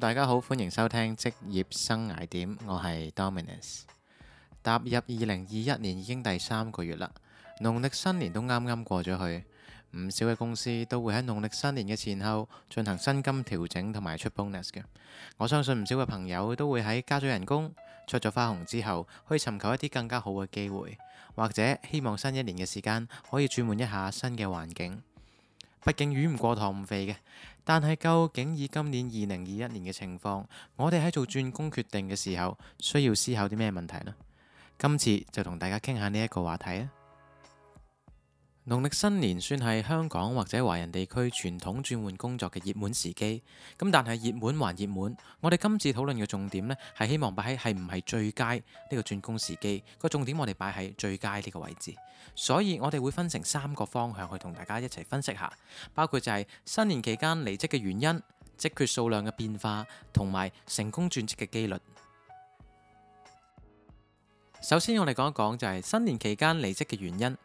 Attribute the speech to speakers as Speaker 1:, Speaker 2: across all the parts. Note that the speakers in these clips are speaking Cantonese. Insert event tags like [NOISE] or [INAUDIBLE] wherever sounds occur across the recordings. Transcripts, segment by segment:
Speaker 1: 大家好，歡迎收聽職業生涯點，我係 Dominus。踏入二零二一年已經第三個月啦，農曆新年都啱啱過咗去，唔少嘅公司都會喺農曆新年嘅前後進行薪金調整同埋出 bonus 嘅。我相信唔少嘅朋友都會喺加咗人工、出咗花紅之後，去以尋求一啲更加好嘅機會，或者希望新一年嘅時間可以轉換一下新嘅環境。畢竟魚唔過塘唔肥嘅，但係究竟以今年二零二一年嘅情況，我哋喺做轉工決定嘅時候，需要思考啲咩問題呢？今次就同大家傾下呢一個話題啊！農曆新年算係香港或者華人地區傳統轉換工作嘅熱門時機，咁但係熱門還熱門，我哋今次討論嘅重點呢，係希望擺喺係唔係最佳呢個轉工時機，個重點我哋擺喺最佳呢個位置，所以我哋會分成三個方向去同大家一齊分析下，包括就係新年期間離職嘅原因、職缺數量嘅變化同埋成功轉職嘅機率。首先我哋講一講就係新年期間離職嘅原因。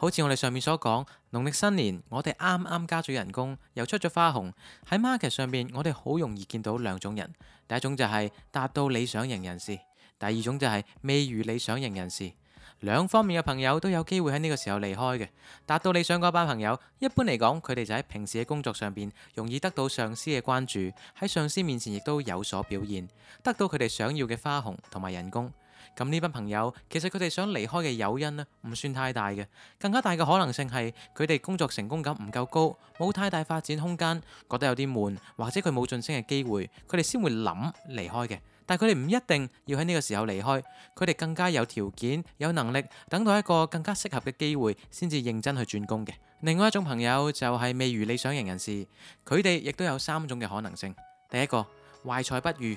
Speaker 1: 好似我哋上面所講，農曆新年，我哋啱啱加咗人工，又出咗花紅。喺 market 上面，我哋好容易見到兩種人，第一種就係達到理想型人士，第二種就係未如理想型人士。兩方面嘅朋友都有機會喺呢個時候離開嘅。達到理想嗰班朋友，一般嚟講，佢哋就喺平時嘅工作上邊容易得到上司嘅關注，喺上司面前亦都有所表現，得到佢哋想要嘅花紅同埋人工。咁呢班朋友，其實佢哋想離開嘅誘因呢，唔算太大嘅。更加大嘅可能性係佢哋工作成功感唔夠高，冇太大發展空間，覺得有啲悶，或者佢冇晉升嘅機會，佢哋先會諗離開嘅。但佢哋唔一定要喺呢個時候離開，佢哋更加有條件、有能力等到一個更加適合嘅機會先至認真去轉工嘅。另外一種朋友就係未如理想型人士，佢哋亦都有三種嘅可能性。第一個，懷才不遇。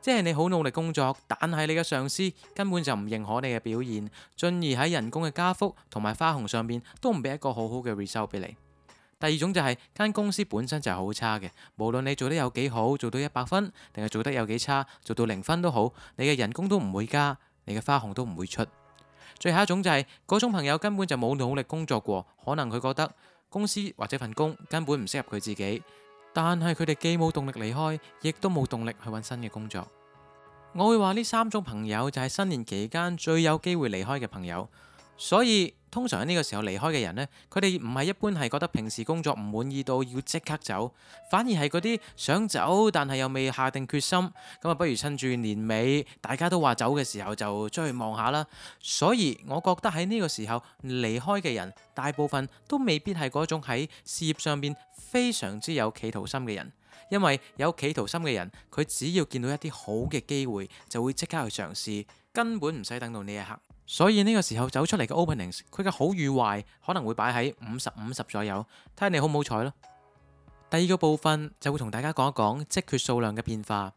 Speaker 1: 即係你好努力工作，但係你嘅上司根本就唔認可你嘅表現，進而喺人工嘅加幅同埋花紅上面，都唔俾一個好好嘅 result 俾你。第二種就係間公司本身就係好差嘅，無論你做得有幾好，做到一百分，定係做得有幾差，做到零分都好，你嘅人工都唔會加，你嘅花紅都唔會出。最後一種就係嗰種朋友根本就冇努力工作過，可能佢覺得公司或者份工根本唔適合佢自己。但係佢哋既冇動力離開，亦都冇動力去揾新嘅工作。我會話呢三種朋友就係新年期間最有機會離開嘅朋友。所以通常喺呢個時候離開嘅人呢，佢哋唔係一般係覺得平時工作唔滿意到要即刻走，反而係嗰啲想走但係又未下定決心咁啊，不如趁住年尾大家都話走嘅時候就出去望下啦。所以我覺得喺呢個時候離開嘅人大部分都未必係嗰種喺事業上邊非常之有企圖心嘅人，因為有企圖心嘅人，佢只要見到一啲好嘅機會就會即刻去嘗試，根本唔使等到呢一刻。所以呢個時候走出嚟嘅 openings，佢嘅好與壞可能會擺喺五十五十左右，睇下你好唔好彩咯。第二個部分就會同大家講一講職缺數量嘅變化。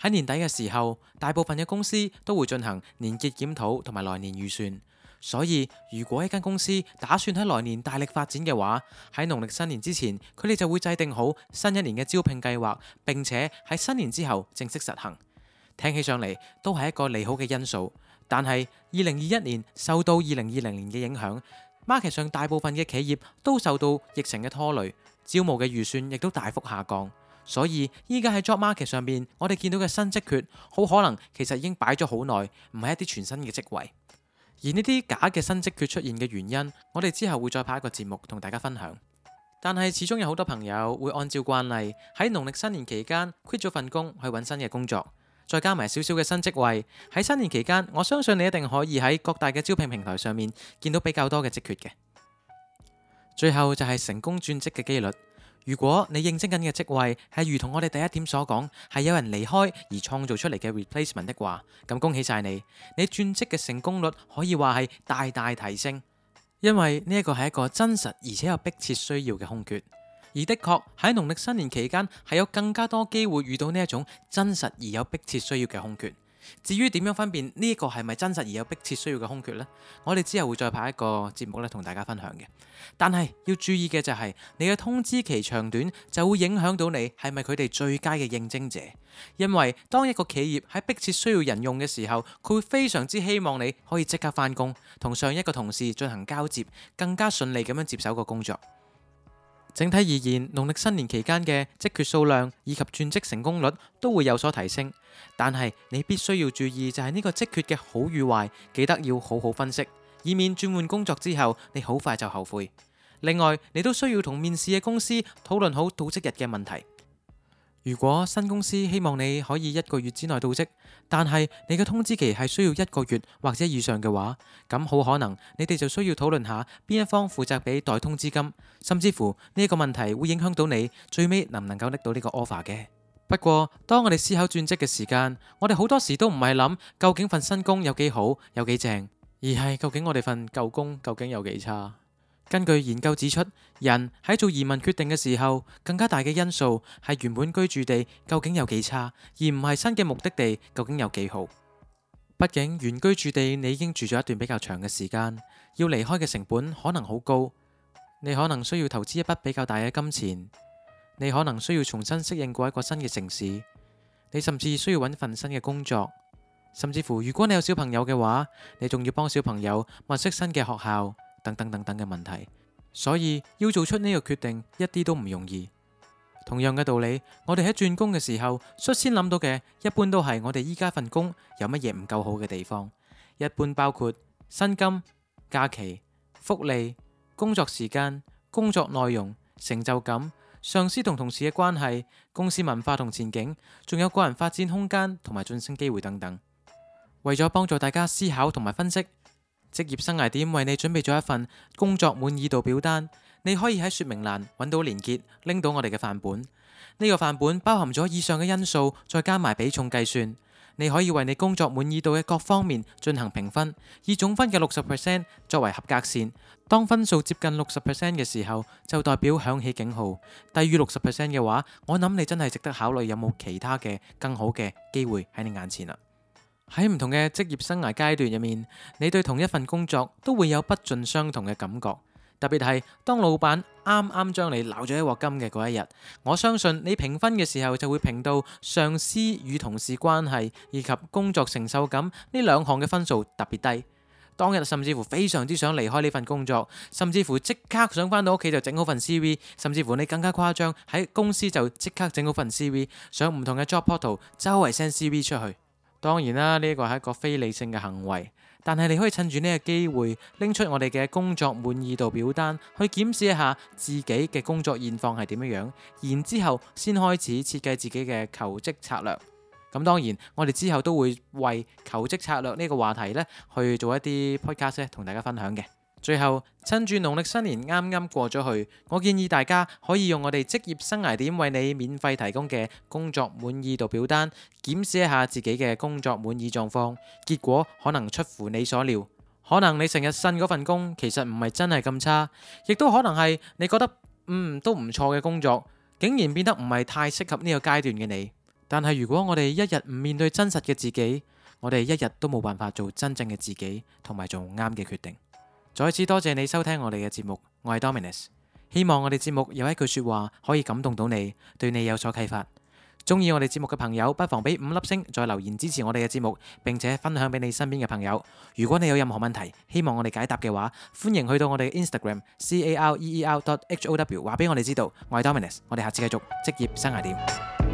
Speaker 1: 喺年底嘅時候，大部分嘅公司都會進行年結檢討同埋來年預算。所以如果一間公司打算喺來年大力發展嘅話，喺農曆新年之前，佢哋就會制定好新一年嘅招聘計劃，並且喺新年之後正式實行。聽起上嚟都係一個利好嘅因素。但係二零二一年受到二零二零年嘅影響，market 上大部分嘅企業都受到疫情嘅拖累，招募嘅預算亦都大幅下降，所以依家喺 job market 上面，我哋見到嘅新職缺，好可能其實已經擺咗好耐，唔係一啲全新嘅職位。而呢啲假嘅新職缺出現嘅原因，我哋之後會再拍一個節目同大家分享。但係始終有好多朋友會按照慣例喺農曆新年期間 quit 咗份工去揾新嘅工作。再加埋少少嘅新職位，喺新年期間，我相信你一定可以喺各大嘅招聘平台上面見到比較多嘅職缺嘅。最後就係成功轉職嘅幾率。如果你應徵緊嘅職位係如同我哋第一點所講，係有人離開而創造出嚟嘅 replacement 的話，咁恭喜晒你，你轉職嘅成功率可以話係大大提升，因為呢一個係一個真實而且有迫切需要嘅空缺。而的確喺農曆新年期間，係有更加多機會遇到呢一種真實而有迫切需要嘅空缺。至於點樣分辨呢個係咪真實而有迫切需要嘅空缺呢？我哋之後會再拍一個節目咧，同大家分享嘅。但係要注意嘅就係你嘅通知期長短，就會影響到你係咪佢哋最佳嘅應徵者。因為當一個企業喺迫切需要人用嘅時候，佢會非常之希望你可以即刻返工，同上一個同事進行交接，更加順利咁樣接手個工作。整體而言，農曆新年期間嘅職缺數量以及轉職成功率都會有所提升，但係你必須要注意就係呢個職缺嘅好與壞，記得要好好分析，以免轉換工作之後你好快就後悔。另外，你都需要同面試嘅公司討論好到職日嘅問題。如果新公司希望你可以一個月之內到職，但係你嘅通知期係需要一個月或者以上嘅話，咁好可能你哋就需要討論下邊一方負責俾代通知金，甚至乎呢個問題會影響到你最尾能唔能夠拎到呢個 offer 嘅。 [NOISE] 不過當我哋思考轉職嘅時間，我哋好多時都唔係諗究竟份新工有幾好有幾正，而係究竟我哋份舊工究竟有幾差。根據研究指出，人喺做移民決定嘅時候，更加大嘅因素係原本居住地究竟有幾差，而唔係新嘅目的地究竟有幾好。畢竟原居住地你已經住咗一段比較長嘅時間，要離開嘅成本可能好高，你可能需要投資一筆比較大嘅金錢，你可能需要重新適應過一個新嘅城市，你甚至需要搵份新嘅工作，甚至乎如果你有小朋友嘅話，你仲要幫小朋友物色新嘅學校。等等等等嘅問題，所以要做出呢個決定一啲都唔容易。同樣嘅道理，我哋喺轉工嘅時候，率先諗到嘅一般都係我哋依家份工有乜嘢唔夠好嘅地方，一般包括薪金、假期、福利、工作時間、工作內容、成就感、上司同同事嘅關係、公司文化同前景，仲有個人發展空間同埋晉升機會等等。為咗幫助大家思考同埋分析。職業生涯點為你準備咗一份工作滿意度表單，你可以喺說明欄揾到連結，拎到我哋嘅範本。呢個範本包含咗以上嘅因素，再加埋比重計算。你可以為你工作滿意度嘅各方面進行評分，以總分嘅六十 percent 作為合格線。當分數接近六十 percent 嘅時候，就代表響起警號；低於六十 percent 嘅話，我諗你真係值得考慮有冇其他嘅更好嘅機會喺你眼前啦。喺唔同嘅職業生涯階段入面，你對同一份工作都會有不盡相同嘅感覺。特別係當老闆啱啱將你鬧咗一鑊金嘅嗰一日，我相信你評分嘅時候就會評到上司與同事關係以及工作承受感呢兩項嘅分數特別低。當日甚至乎非常之想離開呢份工作，甚至乎即刻想返到屋企就整好份 CV，甚至乎你更加誇張喺公司就即刻整好份 CV，上唔同嘅 job portal 周圍 send CV 出去。當然啦，呢個係一個非理性嘅行為，但係你可以趁住呢個機會，拎出我哋嘅工作滿意度表單去檢視一下自己嘅工作現況係點樣樣，然之後先開始設計自己嘅求職策略。咁當然，我哋之後都會為求職策略呢個話題呢去做一啲 podcast 同大家分享嘅。最後，趁住農曆新年啱啱過咗去，我建議大家可以用我哋職業生涯點為你免費提供嘅工作滿意度表單檢視一下自己嘅工作滿意狀況。結果可能出乎你所料，可能你成日信嗰份工其實唔係真係咁差，亦都可能係你覺得嗯都唔錯嘅工作，竟然變得唔係太適合呢個階段嘅你。但係如果我哋一日唔面對真實嘅自己，我哋一日都冇辦法做真正嘅自己，同埋做啱嘅決定。再次多謝你收聽我哋嘅節目，我係 Dominus，希望我哋節目有一句說話可以感動到你，對你有所啟發。中意我哋節目嘅朋友不妨俾五粒星，再留言支持我哋嘅節目，並且分享俾你身邊嘅朋友。如果你有任何問題，希望我哋解答嘅話，歡迎去到我哋嘅 Instagram C A R E E R dot H O W，話俾我哋知道。我係 Dominus，我哋下次繼續職業生涯點。